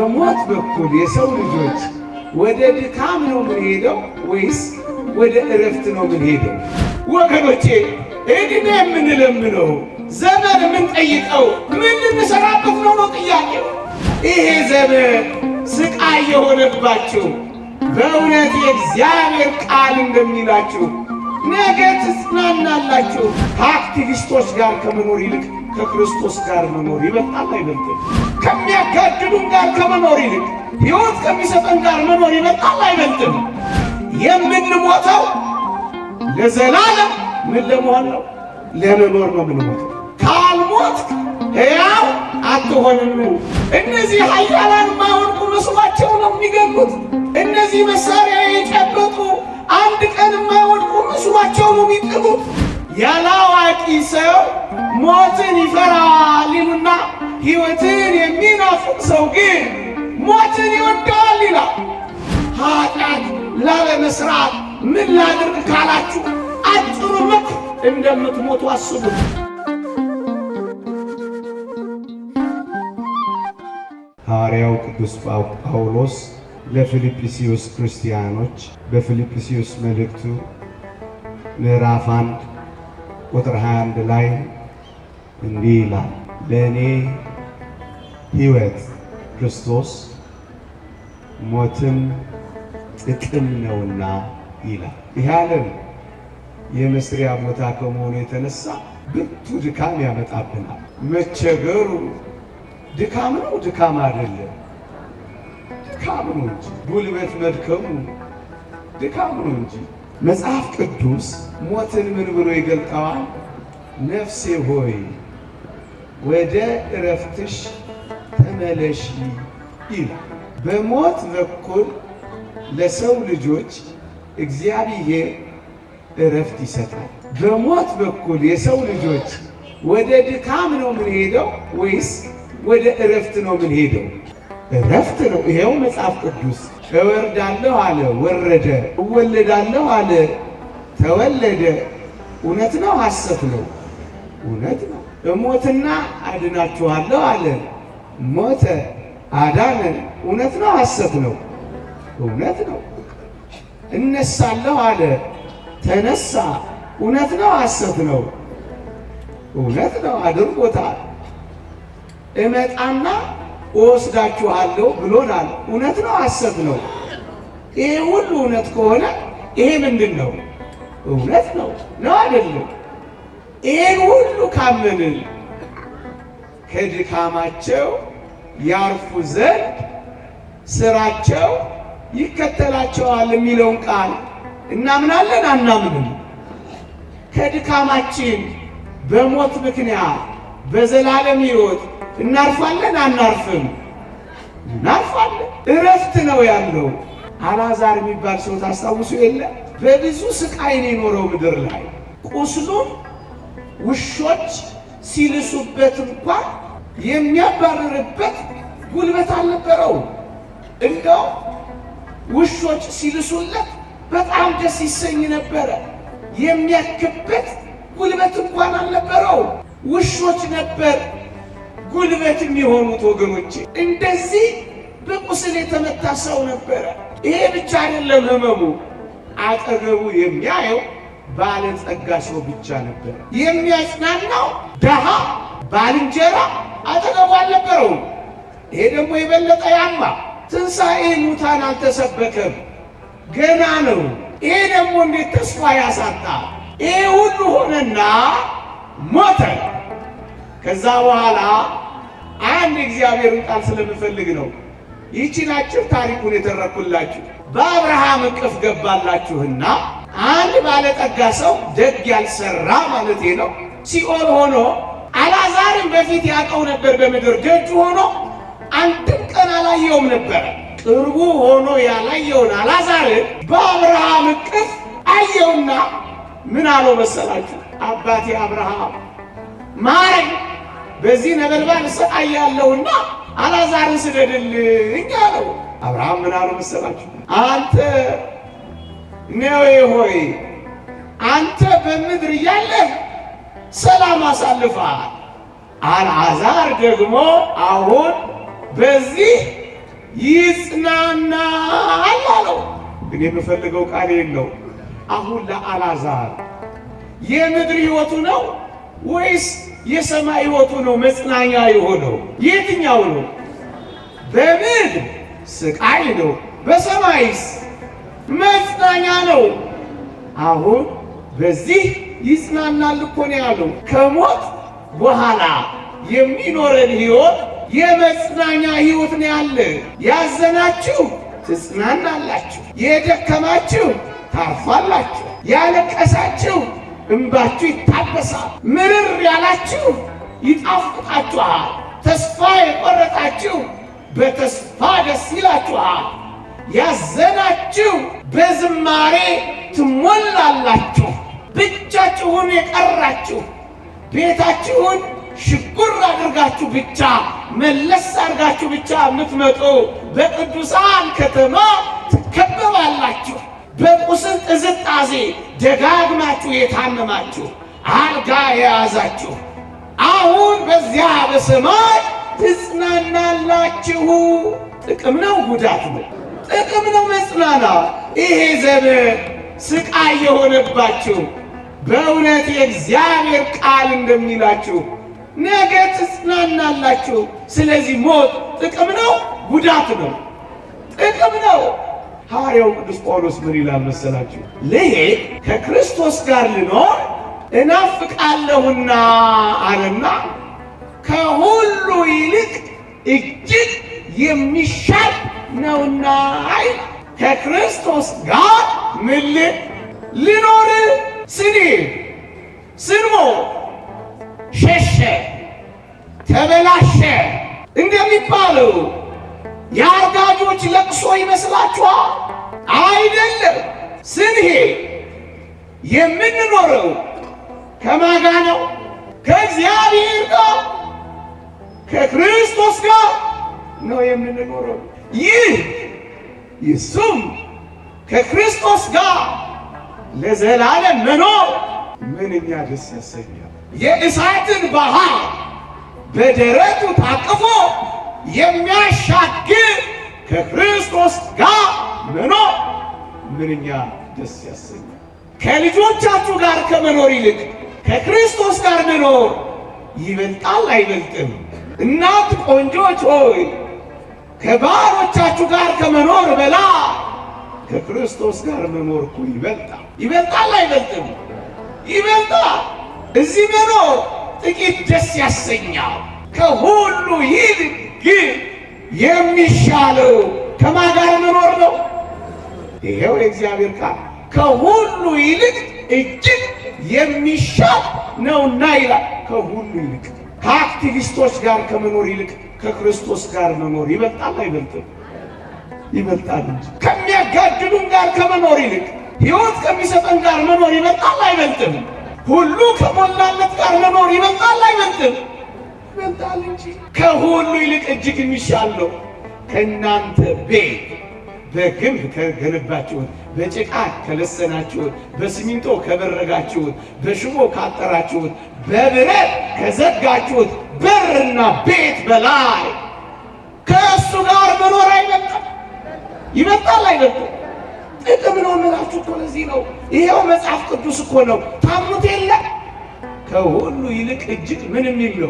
በሞት በኩል የሰው ልጆች ወደ ድካም ነው የምንሄደው ወይስ ወደ እረፍት ነው የምንሄደው? ወገኖቼ እድሜ የምንለምነው ዘመን የምንጠይቀው ምን ልንሰራበት ነው ነው ጥያቄው። ይሄ ዘመን ስቃይ የሆነባችሁ በእውነት የእግዚአብሔር ቃል እንደሚላችሁ ነገ ትጽናናላችሁ። ከአክቲቪስቶች ጋር ከመኖር ይልቅ ከክርስቶስ ጋር መኖር ይበልጣል አይበልጥም? ከሚያጋድዱን ጋር ከመኖር ይልቅ ሕይወት ከሚሰጠን ጋር መኖር ይበልጣል አይበልጥም? የምንሞተው ለዘላለም ምን ለመሆን ነው? ለመኖር ነው የምንሞተው። ካልሞት ሕያው አትሆንም። እነዚህ ኃያላን ማወድቁ መስሏቸው ነው የሚገቡት። እነዚህ መሳሪያ የጨበጡ አንድ ቀን ማወድቁ መስሏቸው ነው የሚጥሉት። ያላዋቂ ሰው ሞትን ይፈራል ይሉና ሕይወትን የሚናፍቅ ሰው ግን ሞትን ይወደዋል ይላል። ኃጢአት ላለመስራት ምን ላድርግ ካላችሁ አጭሩ ምክር እንደምትሞቱ አስቡ። ሐዋርያው ቅዱስ ጳውሎስ ለፊልጵስዩስ ክርስቲያኖች በፊልጵስዩስ መልእክቱ ምዕራፍ 1 ቁጥር 21 ላይ እንዲህ ይላል፣ ለእኔ ሕይወት ክርስቶስ ሞትም ጥቅም ነውና ይላል። ይህ ዓለም የመስሪያ ቦታ ከመሆኑ የተነሳ ብርቱ ድካም ያመጣብናል። መቸገሩ ድካም ነው፣ ድካም አይደለም ድካም ነው እንጂ ጉልበት መድከሙ ድካም ነው እንጂ። መጽሐፍ ቅዱስ ሞትን ምን ብሎ ይገልጠዋል? ነፍሴ ሆይ ወደ እረፍትሽ ተመለሺ ይል በሞት በኩል ለሰው ልጆች እግዚአብሔር እረፍት ይሰጣል። በሞት በኩል የሰው ልጆች ወደ ድካም ነው የምንሄደው ወይስ ወደ እረፍት ነው የምንሄደው? እረፍት ነው። ይኸው መጽሐፍ ቅዱስ እወርዳለሁ አለ፣ ወረደ። እወለዳለሁ አለ፣ ተወለደ። እውነት ነው ሐሰት ነው? እውነት ነው። እሞትና አድናችኋለሁ አለ። ሞተ አዳነን። እውነት ነው ሐሰት ነው? እውነት ነው። እነሳለሁ አለ። ተነሳ። እውነት ነው ሐሰት ነው? እውነት ነው። አድርጎታል። እመጣና እወስዳችኋለሁ ብሎናል። እውነት ነው ሐሰት ነው? ይሄ ሁሉ እውነት ከሆነ ይሄ ምንድን ነው? እውነት ነው ነው አይደለም? ይህን ሁሉ ካመንን ከድካማቸው ያርፉ ዘንድ ስራቸው ይከተላቸዋል የሚለውን ቃል እናምናለን አናምንም? ከድካማችን በሞት ምክንያት በዘላለም ሕይወት እናርፋለን አናርፍም? እናርፋለን። እረፍት ነው ያለው። አላዛር የሚባል ሰው ታስታውሱ የለ? በብዙ ስቃይ ነው የኖረው ምድር ላይ ቁስሉም ውሾች ሲልሱበት እንኳን የሚያባርርበት ጉልበት አልነበረው። እንደው ውሾች ሲልሱለት በጣም ደስ ይሰኝ ነበረ። የሚያክበት ጉልበት እንኳን አልነበረው። ውሾች ነበር ጉልበት የሚሆኑት ወገኖች እንደዚህ በቁስል የተመታ ሰው ነበረ። ይሄ ብቻ አይደለም ህመሙ፣ አጠገቡ የሚያየው ባለጸጋ ሰው ብቻ ነበር። የሚያጽናናው ደሃ ባልንጀራ አጠገቡ አልነበረውም። ይሄ ደግሞ የበለጠ ያማ ትንሣኤ ሙታን አልተሰበከም፣ ገና ነው። ይሄ ደግሞ እንዴት ተስፋ ያሳጣ! ይሄ ሁሉ ሆነና ሞተ። ከዛ በኋላ አንድ እግዚአብሔርን ቃል ስለምፈልግ ነው ይቺን ታሪኩን የተረኩላችሁ በአብርሃም እቅፍ ገባላችሁና አንድ ባለጠጋ ሰው ደግ ያልሰራ ማለት ነው ሲኦል ሆኖ አላዛርን በፊት ያውቀው ነበር። በምድር ደጁ ሆኖ አንድም ቀን አላየውም ነበር። ቅርቡ ሆኖ ያላየውን አላዛርን በአብርሃም እቅፍ አየውና ምን አለው መሰላችሁ? አባቴ አብርሃም ማረኝ፣ በዚህ ነበልባል እሰቃያለሁና አላዛር ስደድልኝ አለው። አብርሃም ምን አለ መሰላችሁ? አንተ ኔዌ ሆይ አንተ በምድር እያለህ ሰላም አሳልፈሃል። አልዓዛር ደግሞ አሁን በዚህ ይጽናናል አለው። እኔ የምፈልገው ቃል የለው። አሁን ለአልዓዛር የምድር ሕይወቱ ነው ወይስ የሰማይ ሕይወቱ ነው መጽናኛ የሆነው የትኛው ነው? በምድር ስቃይ ነው፣ በሰማይስ መጽናኛ ነው። አሁን በዚህ ይጽናናል እኮ ነው ያለው። ከሞት በኋላ የሚኖረን ሕይወት የመጽናኛ ሕይወት ነው ያለ። ያዘናችሁ ትጽናናላችሁ፣ የደከማችሁ ታርፋላችሁ፣ ያለቀሳችሁ እንባችሁ ይታበሳል። ምርር ያላችሁ ይጣፍጣችኋል። ተስፋ የቆረጣችሁ በተስፋ ደስ ይላችኋል። ያዘናችሁ በዝማሬ ትሞላላችሁ። ብቻችሁን የቀራችሁ ቤታችሁን ሽኩር አድርጋችሁ ብቻ መለስ አድርጋችሁ ብቻ የምትመጡ በቅዱሳን ከተማ ትከበባላችሁ። በቁስል ቅዝጣዜ ደጋግማችሁ የታመማችሁ አልጋ የያዛችሁ አሁን በዚያ በሰማይ ትጽናናላችሁ። ጥቅም ነው ጉዳት ነው? ጥቅም ነው መጽናና ይሄ ዘመን ስቃይ የሆነባችሁ በእውነት የእግዚአብሔር ቃል እንደሚላችሁ ነገ ትጽናናላችሁ። ስለዚህ ሞት ጥቅም ነው ጉዳት ነው? ጥቅም ነው። ሐዋርያው ቅዱስ ጳውሎስ ምን ይላል መሰላችሁ? ልሄድ ከክርስቶስ ጋር ልኖር እናፍቃለሁና አለና ከሁሉ ይልቅ እጅግ የሚሻል ነውና አይ ከክርስቶስ ጋር ምል ልኖር ስኒ ስንሞ ሸሸ ተበላሸ እንደሚባለው የአርጋጆች ለቅሶ ይመስላችኋል? አይደለም። ስንሄድ የምንኖረው ከማጋ ነው? ከእግዚአብሔር ጋር ከክርስቶስ ጋር ነው የምንኖረው። ይህ ይሱም ከክርስቶስ ጋር ለዘላለም መኖር ምንኛ ደስ ያሰኛል። የእሳትን ባህር በደረቱ ታቅፎ የሚያሻግር ከክርስቶስ ጋር መኖር ምንኛ ደስ ያሰኛል። ከልጆቻችሁ ጋር ከመኖር ይልቅ ከክርስቶስ ጋር መኖር ይበልጣል አይበልጥም? እናት ቆንጆች ሆይ ከባሮቻችሁ ጋር ከመኖር በላ ከክርስቶስ ጋር መኖር እኮ ይበልጣል። ይበልጣል አይበልጥም? ይበልጣል። እዚህ መኖር ጥቂት ደስ ያሰኛል ከሁሉ ይልቅ ግን የሚሻለው ከማን ጋር መኖር ነው? ይሄው የእግዚአብሔር ቃል ከሁሉ ይልቅ እጅግ የሚሻል ነውና ይላል። ከሁሉ ይልቅ ከአክቲቪስቶች ጋር ከመኖር ይልቅ ከክርስቶስ ጋር መኖር ይበልጣል። አይበልጥም? ይበልጣል እንጂ ከሚያጋድሉን ጋር ከመኖር ይልቅ ሕይወት ከሚሰጠን ጋር መኖር ይበልጣል። አይበልጥም? ሁሉ ከሞላለት ጋር መኖር ይበልጣል። አይበልጥም? እንጂ ከሁሉ ይልቅ እጅግ የሚሻለው ከእናንተ ቤት በግንብ ከገነባችሁት፣ በጭቃ ከለሰናችሁት፣ በሲሚንቶ ከበረጋችሁት፣ በሽቦ ካጠራችሁት፣ በብረት ከዘጋችሁት በርና ቤት በላይ ከእሱ ጋር መኖር አይመጣም። ይመጣል አይመጣም። ጥቅም ነው የምላችሁ እኮ ለዚህ ነው። ይሄው መጽሐፍ ቅዱስ እኮ ነው ታሙት የለ ከሁሉ ይልቅ እጅግ ምንም የሚል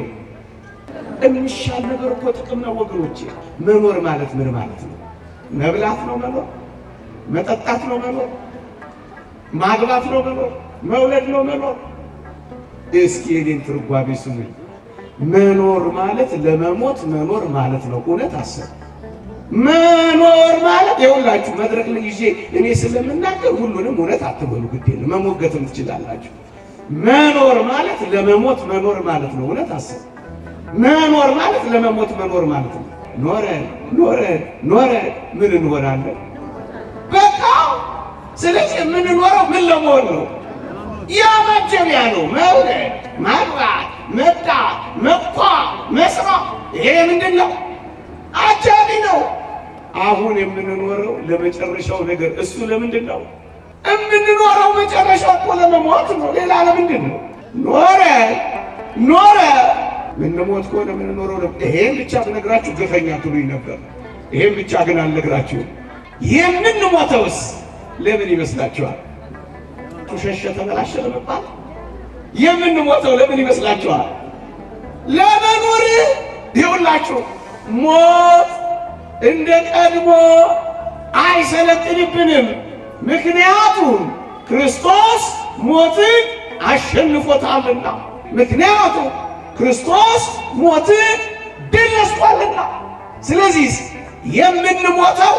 እንሻል ነገር እኮ ጥቅም ነው ወገኖቼ። መኖር ማለት ምን ማለት ነው? መብላት ነው መኖር፣ መጠጣት ነው መኖር፣ ማግባት ነው መኖር፣ መውለድ ነው መኖር። እስኪ የኔን ትርጓሜ ስሙ። መኖር ማለት ለመሞት መኖር ማለት ነው። እውነት አሰብ መኖር ማለት የሁላችሁ መድረክ ላይ ይዤ እኔ ስለምናገር ሁሉንም እውነት አትበሉ፣ ግዴ መሞገትም ትችላላችሁ። መኖር ማለት ለመሞት መኖር ማለት ነው። እውነት አስብ። መኖር ማለት ለመሞት መኖር ማለት ነው። ኖረ ኖረ ኖረ ምን እንሆናለን? በቃ ስለዚህ የምንኖረው ምን ለመሆን ነው? ያ ማጀቢያ ነው። መውለድ፣ ማግባት፣ መጣት፣ መኳ፣ መስራ ይሄ ምንድን ነው? አጃቢ ነው። አሁን የምንኖረው ለመጨረሻው ነገር እሱ ለምንድን ነው የምንኖረው? መጨረሻው እኮ ለመሞት ነው። ሌላ ለምንድን ነው? ኖረ ኖረ ምንሞት ከሆነ ምንኖረው ነው። ይሄን ብቻ ብነግራችሁ ግፈኛ ትሉኝ ነበር። ይሄን ብቻ ግን አልነግራችሁም። የምንሞተውስ ለምን ይመስላችኋል? ሸሸ ተበላሸ ለመባል የምንሞተው ለምን ይመስላችኋል? ለመኖር ይውላችሁ ሞት እንደ ቀድሞ አይሰለጥንብንም። ምክንያቱም ክርስቶስ ሞትን አሸንፎታልና። ምክንያቱም ክርስቶስ ሞት ድል ነስቷልና፣ ስለዚህ የምንሞተው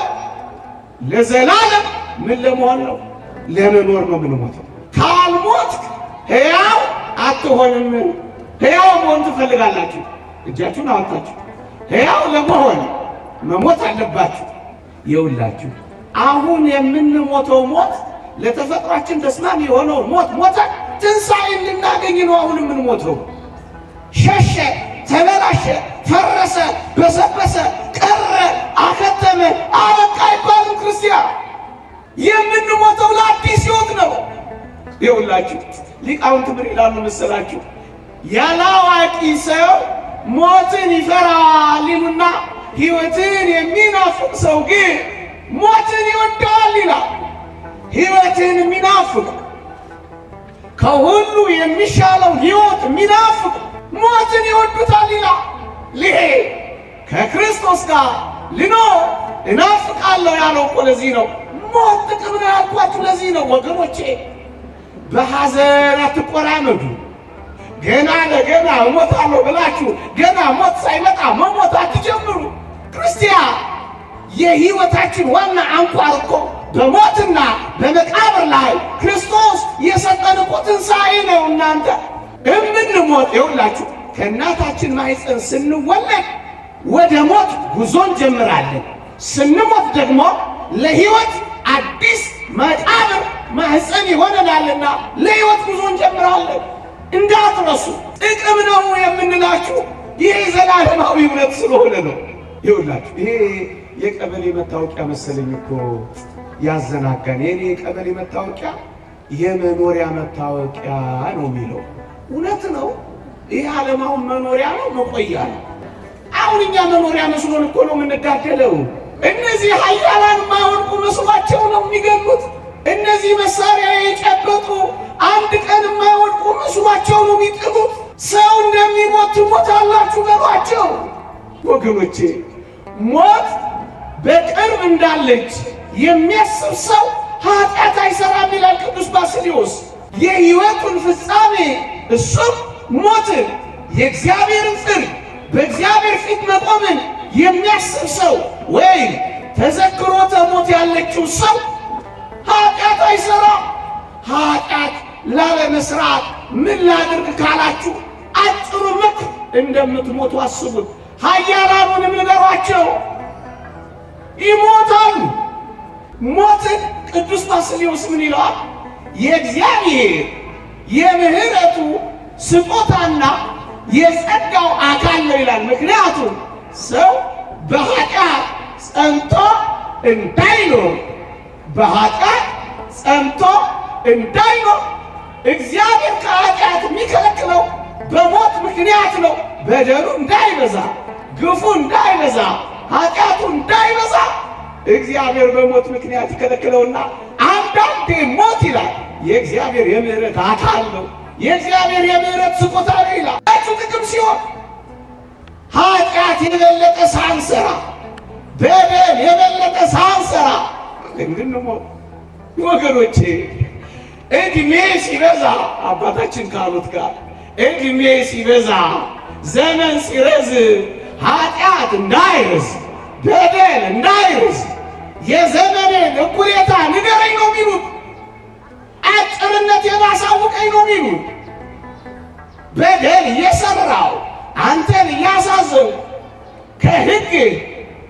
ለዘላለም ምን ለመሆን ነው? ለመኖር ነው የምንሞተው። ካልሞት ሕያው አትሆንም። ሕያው መሆን ትፈልጋላችሁ? እጃችሁን አወጣችሁ። ሕያው ለመሆን መሞት አለባችሁ። የውላችሁ አሁን የምንሞተው ሞት ለተፈጥሯችን ተስማሚ የሆነውን ሞት ሞተ ትንሣኤ እንድናገኝ ነው አሁን የምንሞተው። ሸሸ፣ ተበላሸ፣ ፈረሰ፣ በሰበሰ፣ ቀረ፣ አከተመ፣ አበቃ አይባልም። ክርስቲያን የምንሞተው ለአዲስ ሕይወት ነው። ይኸውላችሁ ሊቃውንት ምን ይላሉ መሰላችሁ? ያላዋቂ ሰው ሞትን ይፈራል ይሉና ሕይወትን የሚናፍቅ ሰው ግን ሞትን ይወደዋል ይላል። ሕይወትን የሚናፍቅ ከሁሉ የሚሻለው ሕይወት የሚናፍቅ ሞትን ይወዱታል ይላ ልሄድ ከክርስቶስ ጋር ልኖር እናፍቃለሁ ያለው እኮ ለዚህ ነው። ሞት ጥቅም ነው ያልኳችሁ ለዚህ ነው ወገኖቼ። በሐዘን አትቆራመዱ። ገና ለገና እሞታለሁ ብላችሁ ገና ሞት ሳይመጣ መሞት አትጀምሩ። ክርስቲያ የሕይወታችን ዋና አንኳር እኮ በሞትና በመቃብር ላይ ክርስቶስ የሰጠን እኮ ትንሣኤ ነው እናንተ እምንሞት ይውላችሁ ከእናታችን ማይፀን ስንወለድ ወደ ሞት ጉዞ እንጀምራለን። ስንሞት ደግሞ ለህይወት አዲስ መቃብር ማህፀን ይሆነናልና ለህይወት ጉዞ እንጀምራለን። እንዳትረሱ። ጥቅም ነው የምንላችሁ ይህ ዘላለማዊ እውነት ስለሆነ ነው። ይውላችሁ ይሄ የቀበሌ መታወቂያ መሰለኝ እኮ ያዘናጋን። የኔ የቀበሌ መታወቂያ የመኖሪያ መታወቂያ ነው የሚለው እውነት ነው። ይህ ዓለም አሁን መኖሪያ ነው፣ መቆያ ነው። አሁን እኛ መኖሪያ መስሎን እኮ ነው የምንጋደለው። እነዚህ ሀያላን ማወድቁ መስሏቸው ነው የሚገሉት። እነዚህ መሳሪያ የጨበጡ አንድ ቀን የማይወድቁ መስሏቸው ነው የሚጥሉት። ሰው እንደሚሞት ትሞታላችሁ በሏቸው ወገኖቼ። ሞት በቅርብ እንዳለች የሚያስብ ሰው ኃጢአት አይሰራም ይላል ቅዱስ ባስልዮስ የሕይወቱን ፍጻሜ እሱም ሞትን፣ የእግዚአብሔርን ጽድቅ፣ በእግዚአብሔር ፊት መቆምን የሚያስብ ሰው ወይም ተዘክሮተ ሞት ያለችው ሰው ኃጢአት አይሰራም ኃጢአት ላለመስራት ምን ላድርግ ካላችሁ አጭሩ ምክር እንደምትሞቱ አስቡት። ኃያላኑንም ንገሯቸው ይሞታሉ። ሞትን ቅዱስ ባስልዮስ ምን ይለዋል? የእግዚአብሔር የምህረቱ ስጦታና የጸጋው አካል ነው ይላል። ምክንያቱም ሰው በኃጢአት ጸንቶ እንዳይኖር በኃጢአት ጸንቶ እንዳይኖር እግዚአብሔር ከኃጢአት የሚከለክለው በሞት ምክንያት ነው። በደሉ እንዳይበዛ፣ ግፉ እንዳይበዛ፣ ኃጢአቱ እንዳይበዛ እግዚአብሔር በሞት ምክንያት ይከለክለውና አንዳንዴ ሞት ይላል። የእግዚአብሔር የምህረት አካል ነው። የእግዚአብሔር የምህረት ስጦታ ነው ይላል። ጥቅም ሲሆን ኃጢአት የበለጠ ሳንሰራ፣ በደል የበለጠ ሳንሰራ እንድንሞ ወገኖቼ እድሜ ሲበዛ አባታችን ካሉት ጋር እድሜ ሲበዛ ዘመን ሲረዝ ኃጢአት እንዳይርዝ በደል እንዳይርዝ የዘመኔን እኩሌታ ንገረኝ ነው የሚሉት። ጥርነት የማሳውቀኝ ነው ሚሉ በደል የሰራው አንተን እያሳዘው ከህግ፣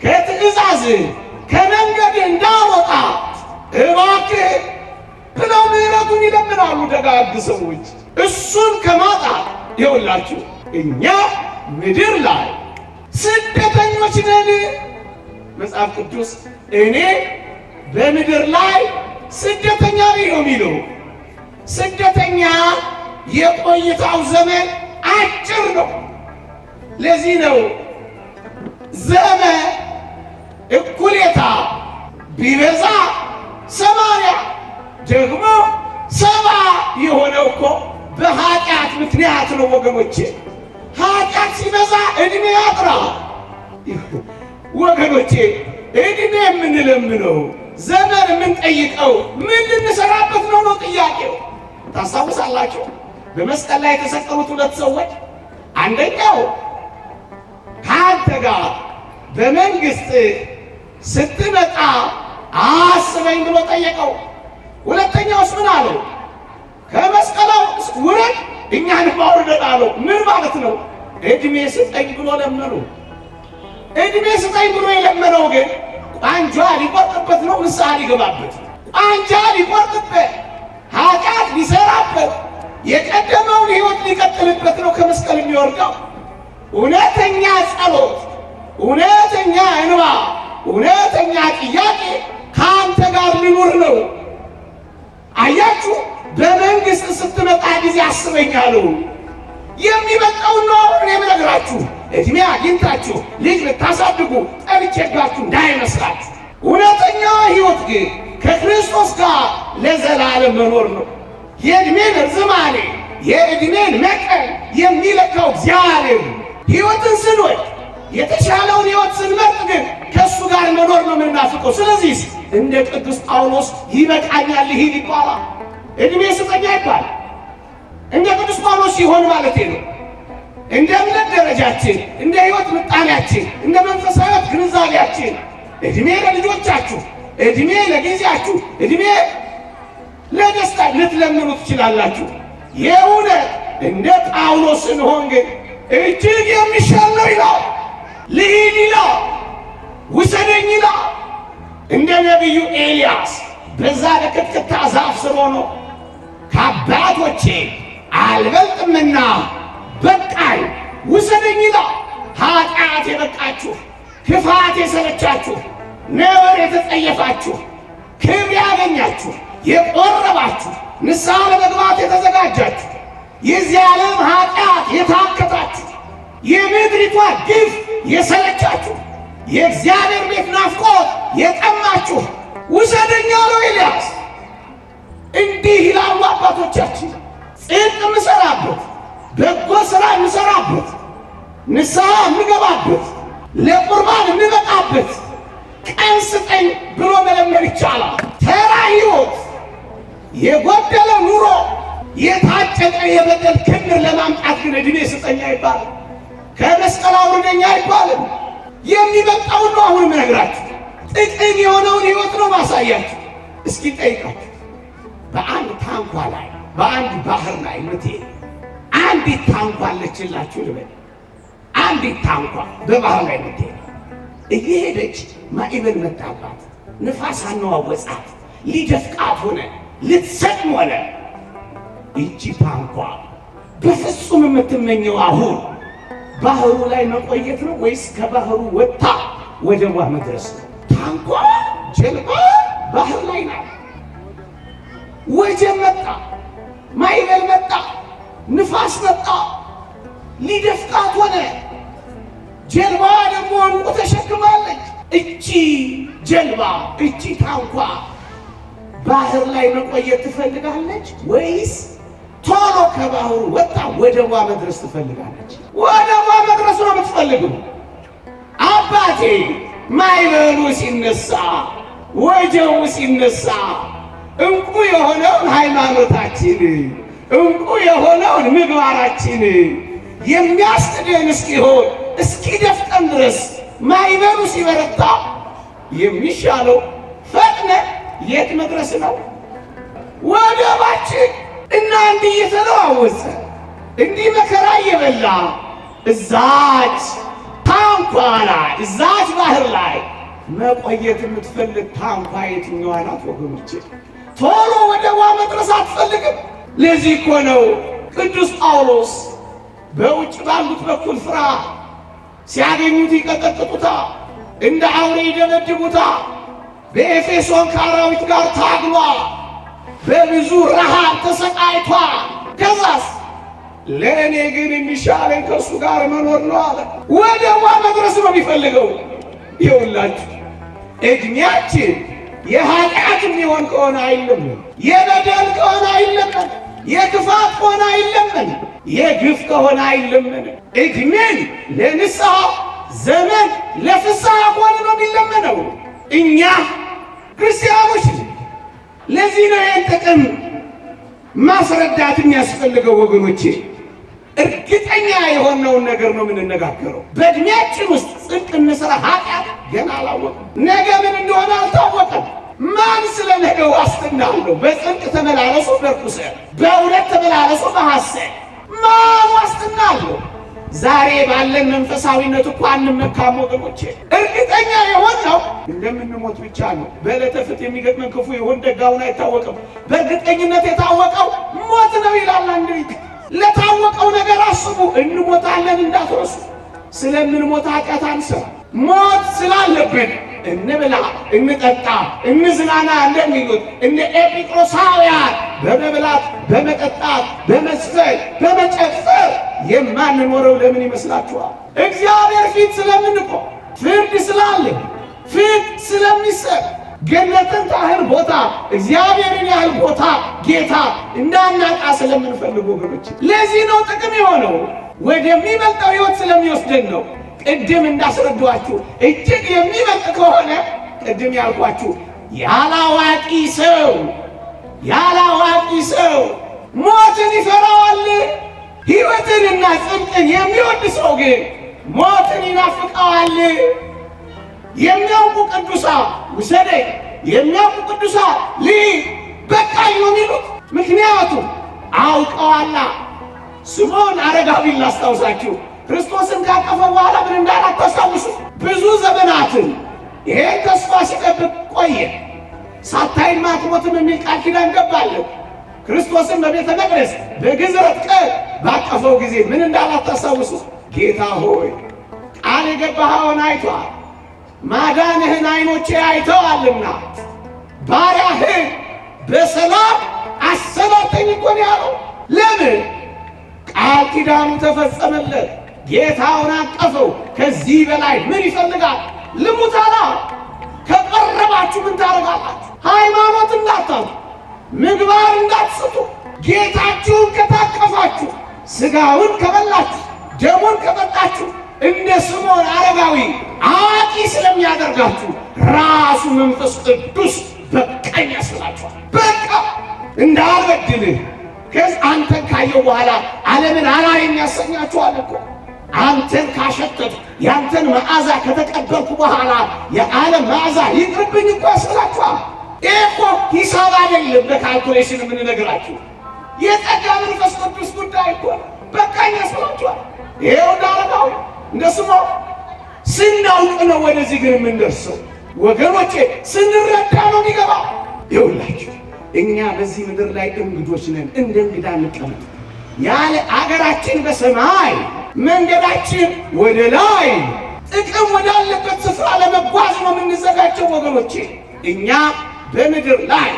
ከትእዛዝ ከመንገድ እንዳወጣ እባክህ ብለው ምሕረቱን ይለምናሉ ደጋግ ሰዎች። እሱን ከማጣት ይኸውላችሁ እኛ ምድር ላይ ስደተኞች ነን። መጽሐፍ ቅዱስ እኔ በምድር ላይ ስደተኛ ነኝ ነው የሚለው። ስደተኛ የቆይታው ዘመን አጭር ነው። ለዚህ ነው ዘመን እኩሌታ ቢበዛ ሰማንያ ደግሞ ሰባ የሆነው እኮ በኃጢአት ምክንያት ነው ወገኖቼ። ኃጢአት ሲበዛ እድሜ ያጥራ ወገኖቼ። እድሜ የምንለምነው ዘመን የምንጠይቀው ምን ልንሰራበት ነው ነው ጥያቄው። ታስታውሳላችሁ? በመስቀል ላይ የተሰቀሉት ሁለት ሰዎች አንደኛው ከአንተ ጋር በመንግስት ስትመጣ አስበኝ ብሎ ጠየቀው። ሁለተኛውስ ምን አለው? ከመስቀላው ውረድ እኛን አውርደን አለው። ምን ማለት ነው? እድሜ ስጠኝ ብሎ ለመኑ። እድሜ ስጠኝ ብሎ የለመነው ግን ቋንጃ ሊቆርጥበት ነው። ንስሐ ሊገባበት ቋንጃ ሊቆርጥበት ኃጢአት ሊሰራበት የቀደመውን ሕይወት ሊቀጥልበት ነው ከመስቀል የሚወርደው። እውነተኛ ጸሎት፣ እውነተኛ እንባ፣ እውነተኛ ጥያቄ ከአንተ ጋር ሊኖር ነው። አያችሁ፣ በመንግሥት ስትመጣ ጊዜ አስበኛለሁ። የሚመጣውን ነው አሁን የምነግራችሁ። ዕድሜ አግኝታችሁ ልጅ ልታሳድጉ ጠብቼጋችሁ እንዳይመስላችሁ። እውነተኛ ሕይወት ግን ከክርስቶስ ጋር ለዘላለም መኖር ነው። የእድሜን ርዝማኔ የእድሜን መጠን የሚለካው እግዚአብሔር። ሕይወትን ስንወድ የተሻለውን ሕይወት ስንመርጥ ግን ከእሱ ጋር መኖር ነው የምናፍቀው። ስለዚህ እንደ ቅዱስ ጳውሎስ ይበቃኛል ይህን ይባላል። እድሜ ስጠኛ ይባላል። እንደ ቅዱስ ጳውሎስ ሲሆን ማለት ነው። እንደ እምነት ደረጃችን፣ እንደ ሕይወት ምጣኔያችን፣ እንደ መንፈሳዊ ግንዛቤያችን እድሜ ለልጆቻችሁ፣ እድሜ ለጊዜያችሁ፣ እድሜ ለደስታ ልትለምኑ ትችላላችሁ። የእውነት እንደ ጳውሎስ ስንሆን ግን እጅግ የሚሻለው ይላል፣ ልሂድ ይላ ውሰደኝ ይላ እንደ ነቢዩ ኤልያስ በዛ በቅጥቅታ ዛፍ ስር ሆኖ ከአባቶቼ አልበልጥምና በቃይ ውሰደኝ ይላ ኃጢአት የበቃችሁ፣ ክፋት የሰለቻችሁ፣ ነውር የተጸየፋችሁ፣ ክብር ያገኛችሁ የቆረባችሁ ንስሐ ለመግባት የተዘጋጃችሁ የዚህ ዓለም ኃጢአት የታከታችሁ የምድሪቷ ግፍ የሰለቻችሁ የእግዚአብሔር ቤት ናፍቆት የጠማችሁ ውሰደኛ ነው ኤልያስ። እንዲህ ይላሉ አባቶቻችን፣ ጽድቅ የምሰራበት በጎ ሥራ የምሰራበት ንስሐ የምገባበት ለቁርባን የምበቃበት ቀን ስጠኝ ብሎ መለመን ይቻላል። የጎደለ ኑሮ የታጨቀ የበደል ክምር ለማምጣት ግን እድሜ ስጠኛ አይባልም። ከመስቀል አውርደኛ አይባልም። የሚበቃውን ነው አሁን እነግራችሁ። ጥቅም የሆነውን ህይወት ነው ማሳያችሁ። እስኪ ጠይቃችሁ በአንድ ታንኳ ላይ በአንድ ባህር ላይ ምቴ አንዲት ታንኳ አለችላችሁ ልበል። አንዲት ታንኳ በባህር ላይ ምቴ እየሄደች ማዕበል መጣባት፣ ንፋስ አነዋወጻት፣ ሊደፍቃት ሆነ ልትሰጥም ሆነ እንጂ ታንኳ በፍጹም የምትመኘው አሁን ባህሩ ላይ መቆየት ነው ወይስ ከባህሩ ወጥታ ወደቧ መድረስ ነው? ታንኳ ጀልባ ባህር ላይ ነው። ወጀብ መጣ፣ ማዕበል መጣ፣ ንፋስ መጣ፣ ሊደፍጣት ሆነ። ጀልባዋ ደግሞ እንቁ ተሸክማለች። እቺ ጀልባ እቺ ታንኳ ባህር ላይ መቆየት ትፈልጋለች ወይስ ቶሎ ከባህሩ ወጣ ወደቧ መድረስ ትፈልጋለች? ወደቧ መድረስ ነው የምትፈልገው። አባቴ ማዕበሉ ሲነሳ፣ ወጀቡ ሲነሳ እንቁ የሆነውን ሃይማኖታችን እንቁ የሆነውን ምግባራችን የሚያስጥደን እስኪሆን እስኪደፍጠን ድረስ ማዕበሉ ሲበረታ የሚሻለው ፈጥነ የት መድረስ ነው? ወደባችን እና እንዲህ እየተለዋወሰ እንዲህ መከራ እየበላ እዛች ታንኳ ላይ እዛች ባህር ላይ መቆየት የምትፈልግ ታንኳ የትኛዋ ናት ወገኖቼ? ቶሎ ወደቧ መድረስ አትፈልግም። ለዚህ እኮ ነው ቅዱስ ጳውሎስ በውጭ ባሉት በኩል ፍርሃት ሲያገኙት ይቀጠቅጡታ፣ እንደ አውሬ ይደበድቡታ በኤፌሶን ከአራዊት ጋር ታግሏል። በብዙ ረሃብ ተሰቃይቷል። ከዛስ ለእኔ ግን የሚሻለኝ ከእሱ ጋር መኖር ነው አለ። ወደ ሟ መድረስ ነው የሚፈልገው። ይኸውላችሁ እድሜያችን የኃጢአት የሚሆን ከሆነ አይለምን የበደል ከሆነ አይለምን የክፋት ከሆነ አይለምን የግፍ ከሆነ አይለምን እድሜን ለንስሐ ዘመን ለፍስሐ ከሆነ ነው የሚለመነው። እኛ ክርስቲያኖች ለዚህ ነው ይህን ጥቅም ማስረዳት የሚያስፈልገው ወገኖቼ። እርግጠኛ የሆነውን ነገር ነው የምንነጋገረው። በእድሜያችን ውስጥ ጽድቅ እንስራ ኃጢአት ገና አላወቅም። ነገ ምን እንደሆነ አልታወቀም። ማን ስለ ነገ ዋስትና አለው? በጽድቅ ተመላለሱ በርኩሰ፣ በእውነት ተመላለሱ በሐሰት ማን ዋስትና አለው? ዛሬ ባለን መንፈሳዊነት እኮ አንመካም ወገኖቼ። እርግጠኛ የሆነው እንደምንሞት ብቻ ነው። በዕለተ የሚገጥመን ክፉ ይሁን ደጋውን አይታወቅም። በእርግጠኝነት የታወቀው ሞት ነው ይላል አንድ ልጅ። ለታወቀው ነገር አስቡ፣ እንሞታለን እንዳትረሱ። ስለምንሞት ኃጢአት አንሰራ ሞት ስላለብን እንብላ፣ እንጠጣ፣ እንዝናና እንደሚሉት እነ ኤጲቆሳውያን በመብላት በመጠጣት በመስፈል በመጨፈር የማንኖረው ለምን ይመስላችኋል? እግዚአብሔር ፊት ስለምንቆም ፍርድ ስላለ ፍርድ ስለሚሰጥ ገነትን ታህል ቦታ እግዚአብሔርን ያህል ቦታ ጌታ እንዳናጣ ስለምንፈልጉ ወገኖች፣ ለዚህ ነው ጥቅም የሆነው ወደሚበልጠው ሕይወት ስለሚወስደን ነው። ቅድም እንዳስረዷችሁ እጅግ የሚበልጥ ከሆነ ቅድም ያልኳችሁ ያላዋቂ ሰው ያላዋቂ ሰው ሞትን ይፈራዋል። ሕይወትንና ጽድቅን የሚወድ ሰው ግን ሞትን ይናፍቀዋል። የሚያውቁ ቅዱሳ ውሰደ የሚያውቁ ቅዱሳ ል በቃ የሚሉት። ምክንያቱም አውቀዋላ። ስምዖን አረጋዊ ላስታውሳችሁ ክርስቶስን ካቀፈ በኋላ ምን እንዳላት ታስታውሱ? ብዙ ዘመናትን ይሄን ተስፋ ሲጠብቅ ቆየ። ሳታይን ማትሞትም የሚል ቃል ኪዳን ገባለሁ። ክርስቶስን በቤተ መቅደስ በግዝረት ቀን ባቀፈው ጊዜ ምን እንዳላት ታስታውሱ? ጌታ ሆይ ቃል የገባኸውን አይቷል፣ ማዳንህን አይኖቼ አይተዋልና ባሪያህን በሰላም አሰናብተኝ እኮ ነው ያለው። ለምን ቃል ኪዳኑ ተፈጸመለት። ጌታውን አቀፈው። ከዚህ በላይ ምን ይፈልጋል? ልሙታላ ከቀረባችሁ ምን ታደርጋላችሁ? ሃይማኖት እንዳታሉ፣ ምግባር እንዳትስቱ። ጌታችሁን ከታቀፋችሁ፣ ስጋውን ከበላችሁ፣ ደሙን ከጠጣችሁ እንደ ስምዖን አረጋዊ አዋቂ ስለሚያደርጋችሁ ራሱ መንፈስ ቅዱስ በቃኝ ያስላችኋል። በቃ እንዳልበድልህ ከዚህ አንተን ካየው በኋላ ዓለምን አላይም ያሰኛችኋል እኮ አንተን ካሸጠት ያንተን መዓዛ ከተቀበልኩ በኋላ የዓለም መዓዛ ይቅርብኝ እኮ ያስብላችኋል። ይህ እኮ ሂሳብ አይደለም፣ በካልኩሌሽን የምንነግራችሁ የጸጋ መንፈስ ቅዱስ ጉዳይ እኮ በቃ ያስብላችኋል። ይሄው እንዳረጋው ስሞ ስናውቅ ነው ወደዚህ ግን የምንደርሰው ወገኖቼ፣ ስንረዳ ነው የሚገባ። ይውላችሁ እኛ በዚህ ምድር ላይ እንግዶች ነን፣ እንደ እንግዳ እንቀመጥ ያለ አገራችን በሰማይ መንገዳችን ወደ ላይ ጥቅም ወዳለበት ስፍራ ለመጓዝ ነው የምንዘጋጀው። ወገኖቼ እኛ በምድር ላይ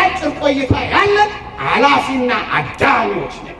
አጭር ቆይታ ያለን አላፊና አዳሚዎች ነን።